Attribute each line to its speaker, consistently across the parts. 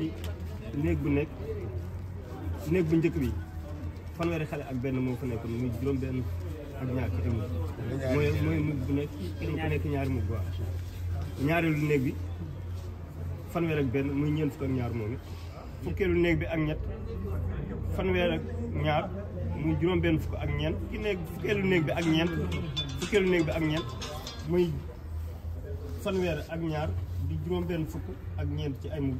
Speaker 1: léegi
Speaker 2: néeg bu nekk néeg bu njëkk bi fanweeri xale ak benn moo nekk kenn ku nekk ñaari mug waaw ñaareelu néeg bi fanweer ak benn muy ñeent fukk ak ñaar néeg bi ak ñett fanweer ñaar muy juróom benn fukk ak ñeent ki néeg fukkeelu néeg bi ak ñeent néeg bi ak ñeent muy fanweer ak fukk ak ñeent ci ay mug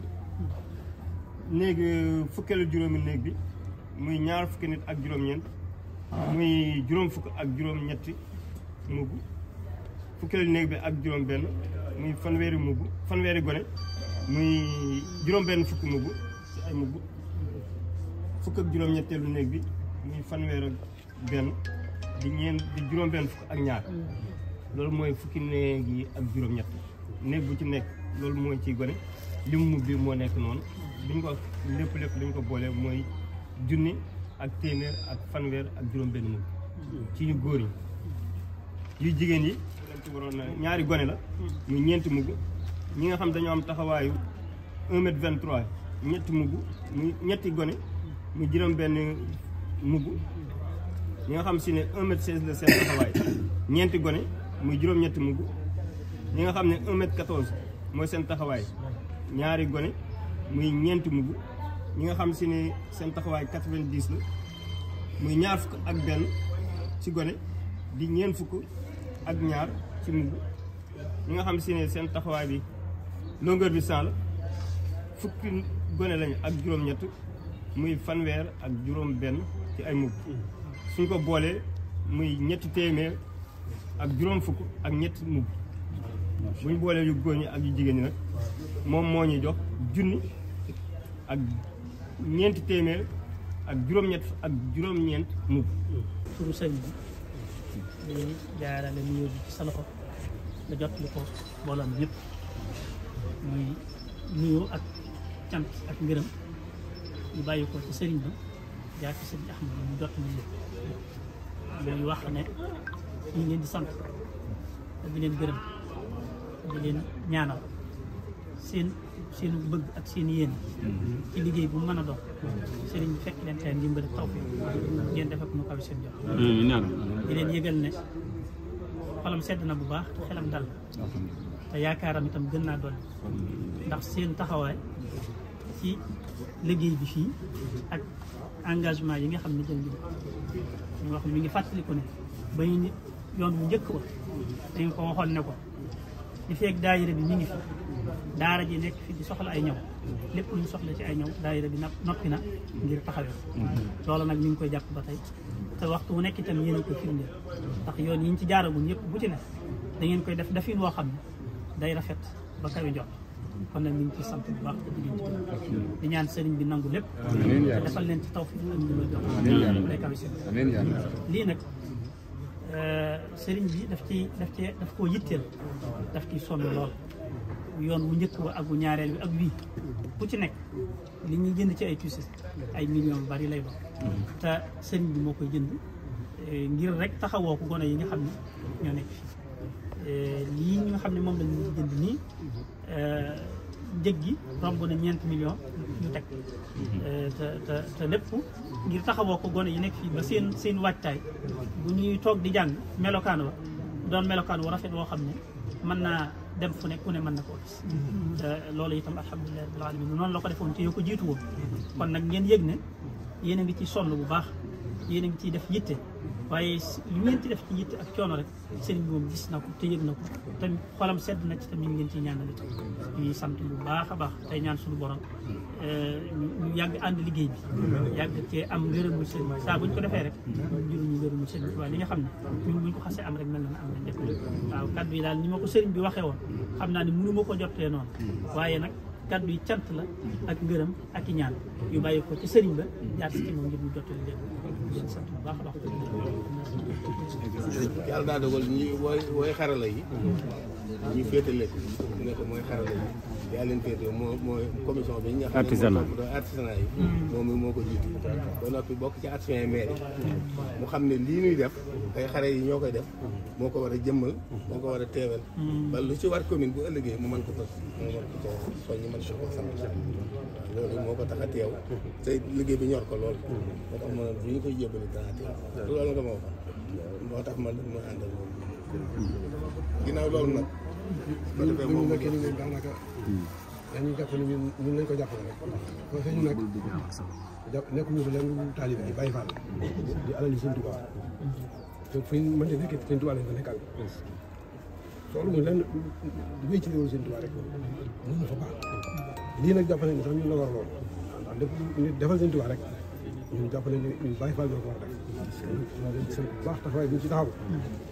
Speaker 2: néeg euh, fukkeelu juróomi néeg bi muy ñaar fukki nit ak juróom-ñeent muy juróom fukk ak juróom-ñetti mugg fukkeelu néeg bi ak juróom-benn muy fanweeri mugg fanweeri gone muy juróom-benn fukk mugg ci ay mugg ak néeg bi muy fanweer ak benn di ñeent ak ñaar loolu mooy fukki néeg ak juróom-ñett néeg bu ci nekk loolu mooy ciy gone limu mugg bi moo nekk noonu li ñu ko lépp lépp li ñu ko boole mooy junni ak téeméer ak fanweer ak juróom-benn mukk ci ñu góor yi yu jigéen yi lañ ci ñaari gone la ñu ñeenti mugg ñi nga xam dañoo am taxawaayu un mètre vingt mugg ñetti gone mu juróom mugg ñi nga xam si ne un mètre seize la ñeenti gone muy juróom-ñetti mugg ñi nga xam ne un mètre mooy seen taxawaay ñaari gone muy ñeenti mbubb ñu nga xam si ne seen taxawaay quatre-vingt-dix la muy ñaar fukk ak benn ci gone di ñeent fukk ak ñaar ci mbubb ñi nga xam si ne seen taxawaay bi longueur bi cent la fukki gone lañu ak juróom-ñett muy fanweer ak juróom-benn ci ay mbubb suñ ko boolee muy ñetti téeméer ak juróom fukk ak ñetti mbubb buñ boolee yu góor ñi ak yu jigéen la moom moo ñuy jox junni ak ñeenti téeméer ak juróom-ñett ak juróom-ñeent mbubb turu
Speaker 1: sëriñ bi dañuy jaarale nuyoo ci sa loxo nga jot li ko mbooloo mi muy nuyoo ak cant ak ngërëm ñu bàyyi ko ci sëriñ bi jaar ci sëriñ Ahmadu ñu jot li yooyu wax ne ñu leen di sant te leen gërëm di leen ñaanal sin sin bëgg ak sin yeen ci liggéey bu mëna dox sëriñ bi fekk leen tey ndimbal taw fi ngeen def ak mu kaw seen jox di leen yëgal ne xolam sedd na bu baax te xelam dal te yaakaaram itam gën naa doon ndax seen taxawaay ci liggéey bi fii ak engagement yi nga xam ne jël ngi ñu wax ne mi ngi fàttaliku ne ba ñu yoon bu njëkk ba dañ ko waxoon ne ko li feeg daayira bi mi ngi fi daara ji nekk fi di soxla ay ñaw lépp lu ñu soxla ci ay ñaw daayira bi noppi na ngir taxawee loolu nag ñu ngi koy jàpp ba tey te waxtu wu nekk itam yen a ko firndeel ndax yoon yi ñu ci jaaragum yëpp bu ci ne da koy def dafin woo xam ne day rafet ba kawe jot kon nag ñu ngi ciy sant bu baax di ñaan sëriñ bi nangu lépp defal leen ci tawfiq am ñu may jox day kawe seen lii nag euh, sëriñ bi daf ci daf ci daf koo yitteel daf ciy lool yoon wu njëkk ba ak bu ñaareel bi ak bii ku ci nekk li ñuy jënd ci ay tuise ay millions bari lay doon te sëñ bi moo koy jënd eh, ngir rek taxawoo ko gone yi nga xam ñoo nekk fii eh, nga xam ne moom lañu jënd nii eh, njëg gi romb na ñeent millions teg te te taxawoo ko gone yi nekk fii ba seen seen waajtaay bu ñuy toog di jàng melokaan wa doon melokaan wu rafet woo xam ne mën naa dem fu ne ku ne mën na koo gis mm-hmm. te loolu itam alhamdulilah rabbil alamin la ko defoon ci yoo ko jiitu woo mm-hmm. kon nag ngeen yëg ne yéen a ngi ci sonn bu baax yéen a ngi ciy def yitte waaye li def ci yitte ak coono rek gis na ko te yëg na te xolam sedd na ci tamit ngeen ciy ñaanal it sant bu baax a baax ñaan suñu borom euh, ñu yàgg ànd liggéey bi yàgg cee am ngërëmu sëriñ bi saa ko defee rek juruñu ngërëmu sëriñ bi waaye li nga xam ne ñun buñ ko xasee am rek mel na am nañ def waaw kaddu yi daal ni ma ko sëriñ bi waxee woon xam naa ni mënu ma ko jottee noonu waaye nag kaddu yi cant la ak ngërëm ak i ñaan yu bàyyi ko ci sëriñ ba jaar si ci moom ngir mu jottali leen yàlla daa dogal
Speaker 3: ñi wooy wooy xarala yi ñu féetale ko nekk mooy xarala yi yaa leen féetee moo mooy commission bi nga xam artisanat artisanat yi moom mi moo ko jiitu ba noppi bokk ci artisan yi maire yi mu xam ne lii ñuy def ay xare yi ñoo koy def moo ko war a jëmmal moo ko war a teewal ba lu ci war commune bu ëllëgee mu mën ko fas moo mën ko soññi mën ko sant loolu moo ko tax a teew te liggéey bi ñor ko lool mm-hmm. moo tax ma bu ñu koy jébbali danaa teew loolu nga ma waxoon moo tax ma ma àndal loolu mm-hmm. ginnaaw loolu nag ñun nekkee ni ñun daanaka mm-hmm.
Speaker 4: dañuy jàpp ni ñun ñun lañ ko jàppale rek parce que ñu nag jàpp nekk ñu leen taalibe yi bàyyi faal di alal yi seen tubaab te fu ñu mën di nekk seen tubaab ko nekkal loolu mooy lenn wéy ci réewu seen tubaab rek mën na fa lii nag jàpp nañ sax ñun la war loolu ndax lépp nit defal seen tubaab rek ñun jàpp nañ a def leen baax taxawaay bi ñu ci taxaw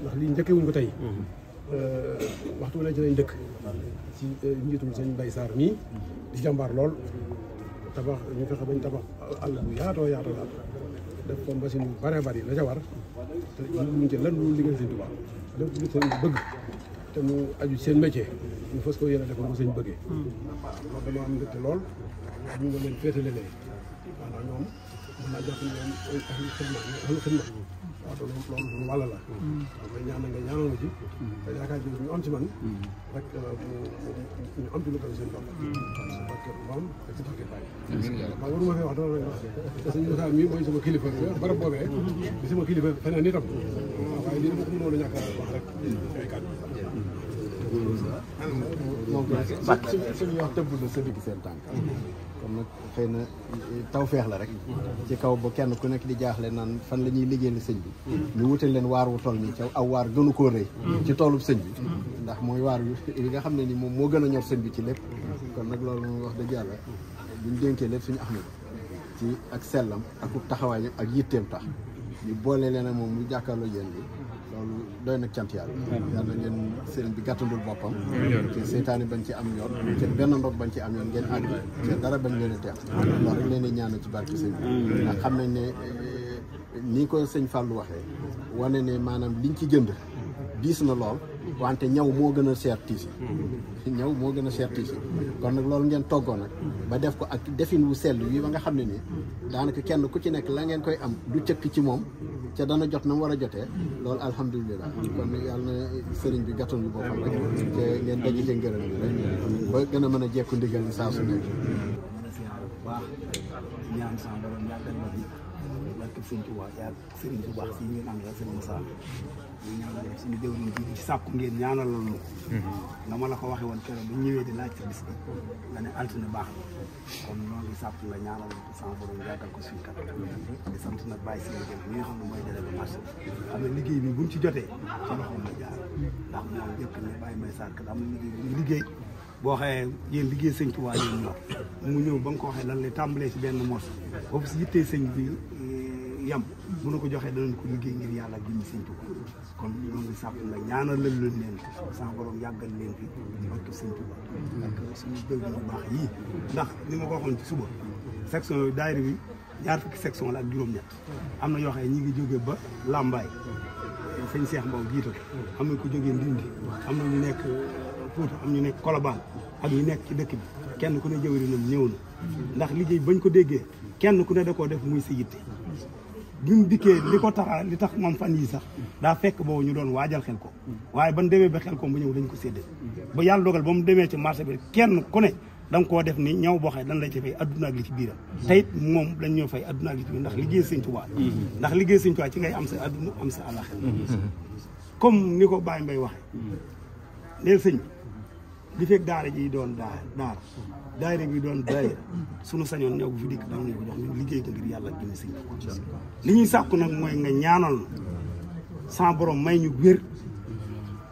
Speaker 4: ndax lii njëkkee wuñ ko tey euh, waxtu wu ne ci lañ dëkk ci euh, njiitum mbay saar mii di jàmbaar lool tabax ñu fexe bañ tabax àll bu yaatoo yaatoo yaatoo def ko machine yu bare bari la ca war te ñu muñ ci lan lu liggéey seen tubaab lépp lu seen bëgg te mu aju seen métier ñu fas ko yéene defal ko seen bëggee. Hmm. lool ñu nga leen féetale leen waaw ñoom mën naa jàpp ne ñoom ay ahlu xidma ñu ahlu xidma waaw te loolu loolu la. Hmm. waaw may ñaan nga ma ci. Hmm. te yaakaar ji ñu am ci man. rek euh, ñu am ci lu koy seen bopp. waaw si barke Maam ak si barke kilifa barab boobee. di sama kilifa feneen itam.
Speaker 5: waaw waaye lii dama ko mënoon a ñàkk a wax rek. Mbacke suñu wax tëbb na sa digg seen tànk kon nag xëy na taw feex la rek ci kaw ba kenn ku nekk di jaaxle naan fan la ñuy liggéeyal sëñ bi ñu wutal leen waar wu toll nii ca aw waar gënu koo rëy ci toolub sëñ bi ndax mooy waar yi nga xam ne ni moom moo gën a ñor sëñ bi ci lépp kon nag loolu moom wax dëgg yàlla buñ dénkee lépp suñu Ahmadu ci ak sellam ak taxawaay ak yitteem tax ñu boole leen ak moom mu jàkkaarloo yéen bi loolu doy na cant yàlla yàlla ngeen seen bi gàttandul boppam te seytaani bañ ci am yoon benn ndox bañ ci am yoon ngeen àgg te dara bañ leen teex loolu rek leen ñaanal ci barke sëriñ bi xam nañ ne eh, ni koy sëñ waxee wane ne maanaam liñ ci jënd diis na lool wante ñaw moo gën a seer tiis ñaw moo gën a seer tiis kon nag loolu ngeen toggoo nag ba def ko ak defin wu sell wi ba nga xam ne nii daanaka kenn ku ci nekk la ngeen koy am du cëkk ci moom ce dana jot na mu war a jotee loolu alhamdulilah kon yàlla na sëriñ bi gàttan bi boppam rek te ngeen daje ca ngërëm bi rek ba gën a mën a jekku ndigal ni saa su bi barke
Speaker 6: sëriñ bu baax yàgg sëriñ bu ñu ñaan leen suñu jëwriñ ji ci sàkku ngeen ñaanalal ma mm-hmm. ko na ma la ko waxee woon keroog bu ñëwee di laaj sa bis bi nga ne altine baax na kon loolu la ñaanal ma ko sama borom yàggal ko suñu kat di sant nag bàyyi seen jëm nga bu mu ci jotee ci loxoom la jaar ndax sàkk am na liggéey boo xee yéen liggéey sëñ Tuubaa yéen ñor mu ñëw ba nga ko waxee lan lay tàmbalee ci benn mos foofu si yittee sëñ bi yam mu ne ko joxee danañ ko liggéey ngir yàlla ak jëmmi sëñ Tuuba kon ñoo ngi sàpp nga ñaanal lañ leen leen sama borom yàggal leen fi ci barke ndax ni ma ko waxoon ci suba section yooyu daayira bi ñaar fukki section la ak juróom-ñett am na yoo xam ne ñi ngi ba Lambaay sëñ Seex Mbow jiite ko am na ko jógee Ndindi am na ñu nekk Fuuta am ñu nekk Kolobaan ak ñu nekk ci dëkk bi kenn ku ne jëwrinam ñëw
Speaker 1: na
Speaker 6: ndax liggéey bañ ko déggee kenn ku ne da koo def muy sa yitte bi mu dikkee li ko taxa li tax moom fan yii sax daa fekk boobu ñu doon waajal xel ko waaye ban demee ba xel ko bu ñëw dañ ko séddee ba yàlla dogal ba mu demee ci marché bi kenn ku ne da koo def ni ñaw boo xam ne dañ la ci fay adduna ak ci biiram mm-hmm. te it moom dañ ñoo fay adduna ak li ci biir ndax liggéey sëñ Tuubaa mm-hmm. ndax liggéey sëñ Tuubaa ci ngay am sa adduna am sa mm-hmm. comme ni ko Baye Mbaye waxee léegi sëñ bi di fekk daara ji doon daa daara daayira bi doon daayira sunu sañoon ñëw fi dikk dama ñu ko jox ñu liggéey ko ngir yàlla gën a sëñ li ñuy sàkku nag mooy nga ñaanool sa borom may ñu wér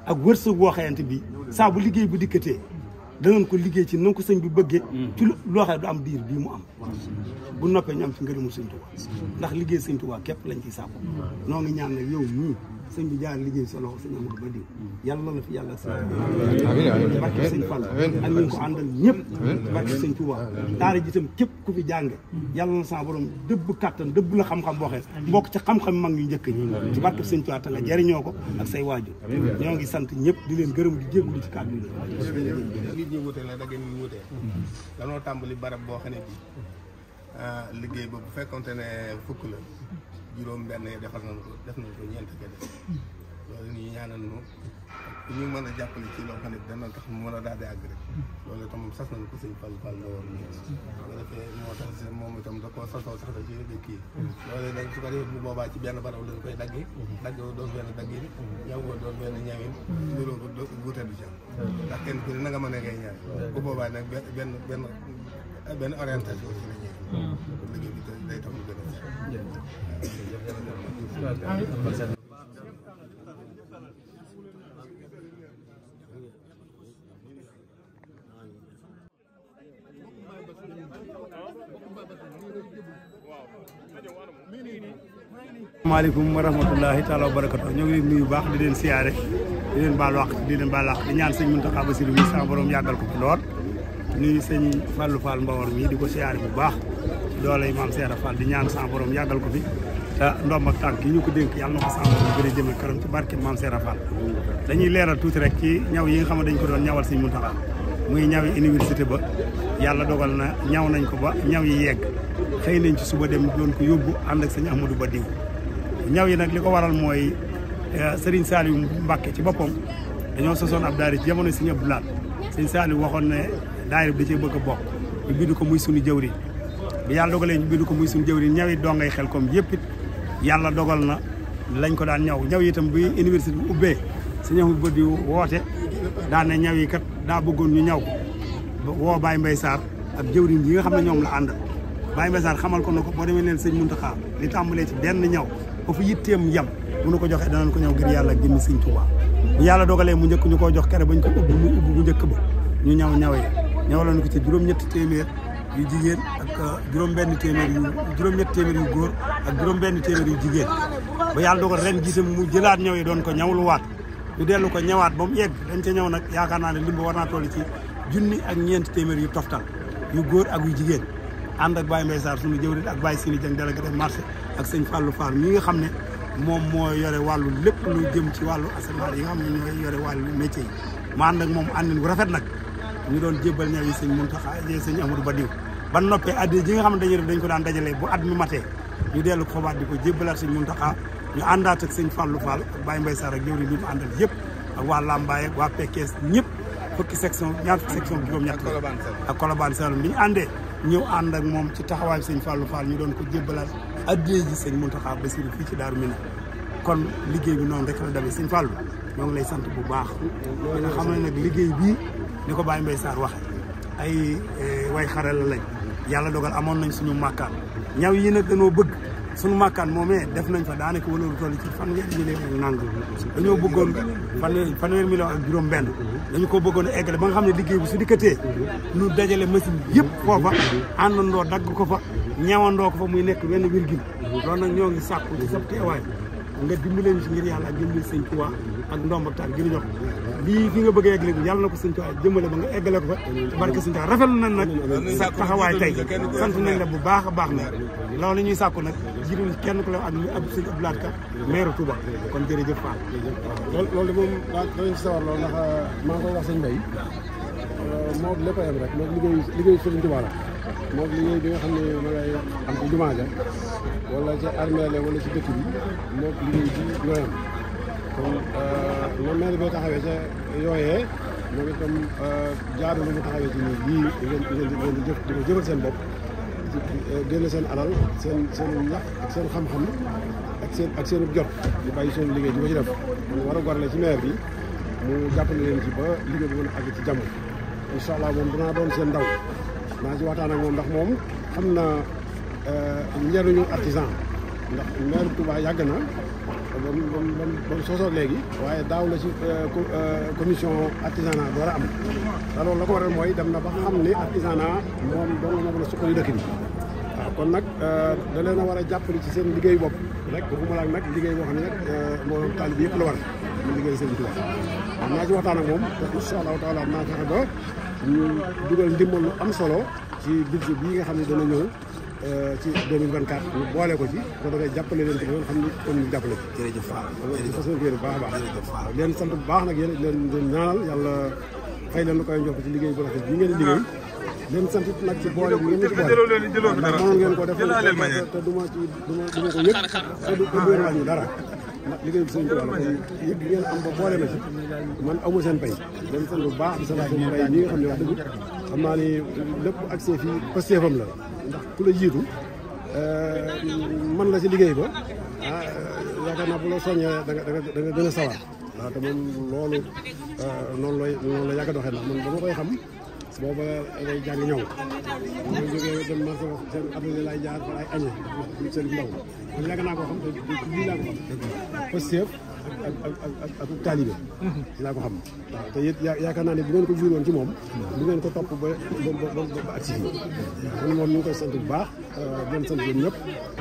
Speaker 6: ak wërsëg woo xayante bi saa bu liggéey bu dikkatee danañ ko liggéey ci nan ko sëñ bi bëggee ci loo xam du am diir bii mu am bu noppee ñu am ci ngërëmu sëñ Tuubaa ndax liggéey sëñ Tuubaa képp lañ ciy sàkku noo ngi ñaan nag yow ñii sëñ bi jaar liggéey sa loxo sëñ Amadou Ba diw yàlla la fi yàlla si barke sëñ Fall ak ñu ko àndal ñëpp barke sëñ Touba daara ji itam képp ku fi jànge yàlla sa borom dëbb kattan dëbb la xam-xam boo xees mbokk ci xam-xam mag ñu njëkk ñi ci barke sëñ Touba te nga jariñoo ko ak say waajur ñoo ngi sant ñëpp di leen gërëm di jégalu ci kàddu yi
Speaker 3: nit ñi la da ngeen ñu wute danoo tàmbali barab boo xam ne ah, liggéey boobu bu fekkonte ne fukk la juróom benn yi defal nañu ko def nañu ko ñeent ke def loolu nii ñaanal ñu ñu mën a jàppale ci loo xam ne dana tax mu mën a daal di àgg rek loolu itam sas nañu ko sëñ Fall Fall la woon ñu nga defee moo tax moom itam sax ci dëkk yi loolu nag su ko defee bu boobaa ci benn barab lañ koy daggi dagg doon benn dagg yi ko doon benn ñawin ñuloo ko wuute du ci am ndax kenn ku ne na nga mën a ngay ñaan bu boobaa nag benn benn benn orientation ci la
Speaker 1: Assalamualaikum warahmatullahi
Speaker 6: taala wabarakatuh barakatu ngi nuyu baax di len siaré di len bal wax di len bal wax di ñaan sëñ muntaka Basiru mi sa borom yagal ko lool nuyu sëñ Fallou Fall mbawor mi di ko bu baax doole yi maam Seera Fall di ñaan sa borom yàggal ko fi te ndomb ak tànk yi ñu ko dénk yàlla na ko sa borom gën a jëme këram ci barke maam Seera Fall dañuy leeral tuuti rek ci ñaw yi nga xam dañ ko doon ñawal Sëñ Muntaxa muy ñawi université ba yàlla dogal na ñaw nañ ko ba ñaw yi yeg xëy nañ ci suba dem doon ko yóbbu ànd ak sëñ Amadou Ba diw ñaw yi nag li ko waral mooy eh, Serigne Saliou Mbacke ci boppam dañoo sosoon ab daari ci jamono Sëñ Abdou Lahad Sëñ Saliou waxoon ne daayira bi da bëgg bokk ñu ko muy sunu jëwriñ bi yàlla dogalee ñu bind ko muy suñu jëwriñ ñawi dongay xel comme yëpp it yàlla dogal na lañ ko daan ñaw ñaw itam bi université bi ubbee su ñëw bët yi woote daan ne ñaw yi kat daa bëggoon ñu ñaw ko woo Baye Mbaye Sarr ak jëwriñ yi nga xam ne ñoom la àndal Baye Mbaye Sarr xamal ko ne ko boo demee neen sëñ Muntaxa li tàmbalee ci benn ñaw ba fu yitteem yem bu nu ko joxee danañ ko ñëw ngir yàlla jëmmi sëñ Tuubaa bu yàlla dogalee mu njëkk ñu koo jox kere bañ ko ubbi mu njëkk ba ñu ñaw ñawee ko téeméer yu jigéen ak euh, juróom-benn téeméer yu juróom-ñett góor ak juróom-benn téeméer yu jigéen
Speaker 2: ba yàlla dogal ren gisam
Speaker 6: mu jëlaat ñëw yi doon ko ñawlu waat ñu dellu ko ñëwaat ba mu yegg dañ ca ñëw nag yaakaar naa ne lim ba war naa toll ci junni ak ñeent téeméer yu toftal yu góor ak yu jigéen ànd ak Baye Mbaye Sarr suñu jëwriñ ak Baye Sini Dieng délégué def marché ak sëñ Fallou Fall mi nga xam ne moom moo yore wàllu lépp lu jëm ci wàllu asamaar yi nga xam ne ñooy yore wàllu métier yi ma ànd ak moom àndin bu rafet nag ñu doon jébbal ñaw yi sëñ Muntaxa yi sëñ Amadou Badiou ba noppee ko daan dajale bu at mi matee ñu dellu ko xobaat di ko jébbalaat sëñ Muntaxa ñu àndaat ak sëñ Fallou Fall ak Baye Mbaye Sarr ak jëwri yëpp ak waa Lambaye ak waa Pekes ñëpp fukki section ñaar fukki section juróom-ñett ak Colobane Saloum bi ñu àndee ñëw ànd ak moom ci taxawaay sëñ Fallou Fall ñu doon ko jébbalaat addee ji sëñ Muntaxa Basiru fii ci Daaru Minam kon liggéey bi noonu rek la demee sëñ Fallou ñoo ngi lay sant bu baax nga xam ne nag ni ko Baye Mbaye Sarr waxe ay eh, way xarala lañ yàlla dogal amoon nañ suñu màkkaan ñaw yi nag dañoo bëgg suñu màkkaan moomee def nañ fa daanaka wala lu toll ci fanweer million ak nangam dañoo bëggoon fanweer fanweer million ak juróom benn dañu ko bëggoon a ba nga xam ne liggéey bu su dikkatee ñu dajale machine yëpp foofa àndandoo dagg ko fa ñawandoo ko fa muy nekk benn wirgil loolu na ñoo ngi sàkku ci waay teewaay nga dimbale ñu si ngir yàlla ak dimbale ak ndomb tànk gi ñu jox lii fi nga bëgg a eggale yàlla na ko sëñ Tuubaa jëmale ba nga eggale ko fa barke sëñ Tuubaa rafetlu nag sa taxawaay tey sant nañ bu baax a baax nag loolu ñuy sàkku nag jiitu kenn ku la ak ak sëñ Abdou Lahad Ka maire kon jërëjëf Fall loolu
Speaker 4: loolu moom dañ si sawar loolu ndax euh, maa ngi koy wax sëñ euh, a yem rek moom liggéey moom liggéey bi nga xam ne ma ngay am ci jumaa ja wala ci armeel wala ci dëkk bi moom liggéey euh, bi ñooyam kon na maire bi taxawee ca yooyee moom itam jaadu lu mu taxawee ci nii lii ngeen ngeen di jëf jëfal seen bopp euh, génn seen alal seen seen ñax ak seen xam-xam ak seen ak seen jot di bàyyi seen liggéey di ko ci def mu war a gorle ci maire bi mu jàppale leen ci ba liggéey bi mën a àgg ci jàmm incha allah moom dinaa doon seen ndaw naa ci waxtaan ak moom ndax moom xam na euh, njëriñu artisan ndax maire Touba yàgg na ba mu sosoo léegi waaye daaw la ci euh, euh, commission artisanat door a am
Speaker 1: te
Speaker 4: la ko waral mooy dem na ba xam ni artisanat moom dong moo mën a suqali dëkk bi waaw kon nag da leen a war a jàppale ci seen liggéey bopp rek bu ma laal nag liggéey boo xam ne nag mbooloo taalibe bi yëpp la war mu liggéey seen Touba naa ci waxtaan ak moom te incha allahu taala naa fexe ba ñu dugal ndimbal lu am solo ci budget bii nga xam ne dana ñëw euh, ci 2024 ñu boole ko ci bu ko defee jàppale leen ci loolu xam ni kon ñu jàppale ci. jërëjëf Fall jërëjëf fas yéene baax a baax. leen sant bu baax nag yéen leen leen ñaanal yàlla fay leen lu koy jox ci liggéey bu rafet bi ngeen di liggéey. leen sant nag ci boole bi ngeen ci boole ndax mënoon ngeen ko def te du ma ci du ma ko yëg te du ngeen wàññi dara. ndax liggéeyam sëñ Tuubaa la yëpp bi ngeen am ba boole ma ci man amu seen pay dañ sant bu baax sa sant seen pay ñi nga xam ne wax dëgg xam naa ni lépp accès fii pasteefam la ndax ku la jiitu euh, man la ci liggéey ba ah yaakaar naa bu la soññee da nga da nga gën a sawar waaw te loolu euh, noonu lay noonu la yàgg a doxee ndax man dama koy xam booba day jàng ñëw ma jógee dem marché wax seen abdoulaye jaar fa ay añe seen ndaw man yàgg naa ak ak ak taalibe laa ko xam waaw te it yaakaar naa ne bu ngeen ko ci moom bu ngeen ko topp ba ba ak si fii kon moom ñu ngi koy sant bu baax euh, doon sant yéen ñëpp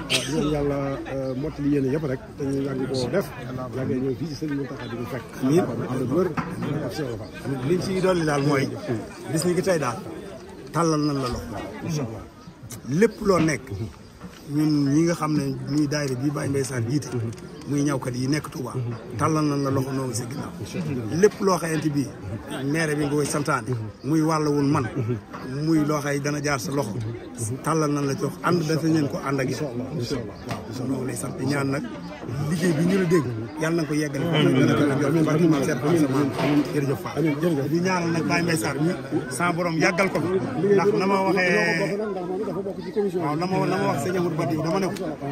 Speaker 4: di leen yàlla euh, mottali yéen yëpp rek te ñu yàgg koo def
Speaker 6: yàggee ñëw fii ci sëñ Mountakha di ko fekk wër ak Cheikh Ofa liñ ci dolli daal mooy bis ni ki tey daal tàllal nañ la loxo lépp loo nekk ñun ñi nga xam ne ñuy daayira bii Baye Mbaye Sarr jiite muy ñawkat yi nekk Touba tàllal nañ la loxo noonu si ginnaaw lépp loo xayante bii maire bi nga koy santaane muy wàll wun man muy loo xay dana jaar sa loxo tàllal nañ la jox ànd dafa ñeen ko ànd ak yéen waaw noonu lay sant ñaan nag liggéey bi ñu la dégg yàlla na ko yeggale jërëjëf Fall di ñaanal nag Baye Mbaye Sarr mi sa borom yàggal ko ndax na ma waxee
Speaker 4: waaw
Speaker 6: la ma la ma wax sëñ Amadou Badi dama ne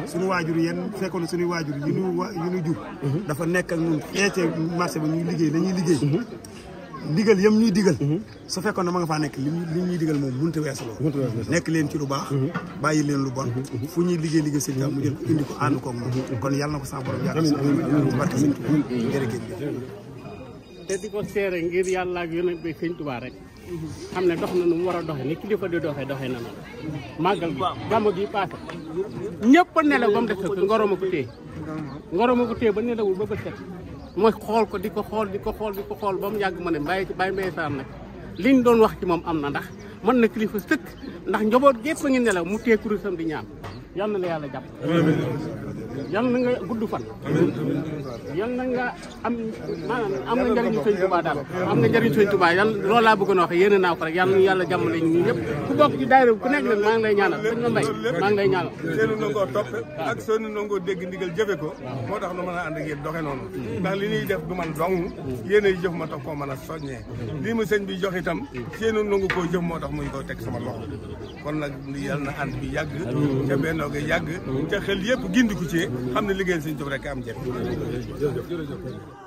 Speaker 6: suñu waajur yéen fekkoon suñu waajur ñu wa jur mhm. dafa nekk ak ñun xeecee marché ba ñuy liggéey la ñuy liggéey mhm. digal yam ñuy digal mhm. su fekkoon ne ma nga faa nekk li li ñuy digal moom munta weesu loolu nekk leen ci lu baax bàyyi leen lu bon fu ñuy liggéey liggéey sëñ tam mu jël ko indi ko ànd koog moom kon yàlla na ko sa borom yàgg barke sëñ
Speaker 5: te di ko seere ngir yàlla ak yonent bi sëñ Tuubaa rek xam ne ndox na nu mu war a doxe ni kilifa di doxe doxe na noonu màggal gi gàmmu gi paase ñëpp a nelaw ba mu def ko ngoroma ko téye ngoroma ko téye ba nelawul ba bët set mooy xool ko di ko xool di ko xool di ko xool ba mu yàgg ma ne bàyyi ci bàyyi mbay saar nag liñ doon wax ci moom am na ndax mën na kilifa sëkk ndax njaboot gépp a ngi nelaw mu téye kurusam di ñaan yal na la yàlla jàpp yal na nga gudd fan. yal na nga am maanaam am na njëriñu sëñ Touba daal am na njëriñu sëñ Touba yal loolu laa bëggoon a wax yéene naa ko rek yal na yàlla jàmmale ñu ñëpp ku bokk ci daayira ku nekk nag maa ngi lay ñaanal sëñ Mbaye maa ngi lay ñaanal.
Speaker 3: seenu nangoo topp ak seenu nangoo dégg ndigal jëfe ko moo tax nu mën a ànd ak yéen doxe noonu ndax li ñuy def du man dong yéen ay jëf ma tax ko mën a soññee lii mu sëñ bi jox itam seenu nangu koo jëf moo tax muy ko teg sama loxo kon nag yal na ànd bi yàgg ca bennoo ga yàgg ca xel yëpp gindiku ci liggéey xam ne liggéeyal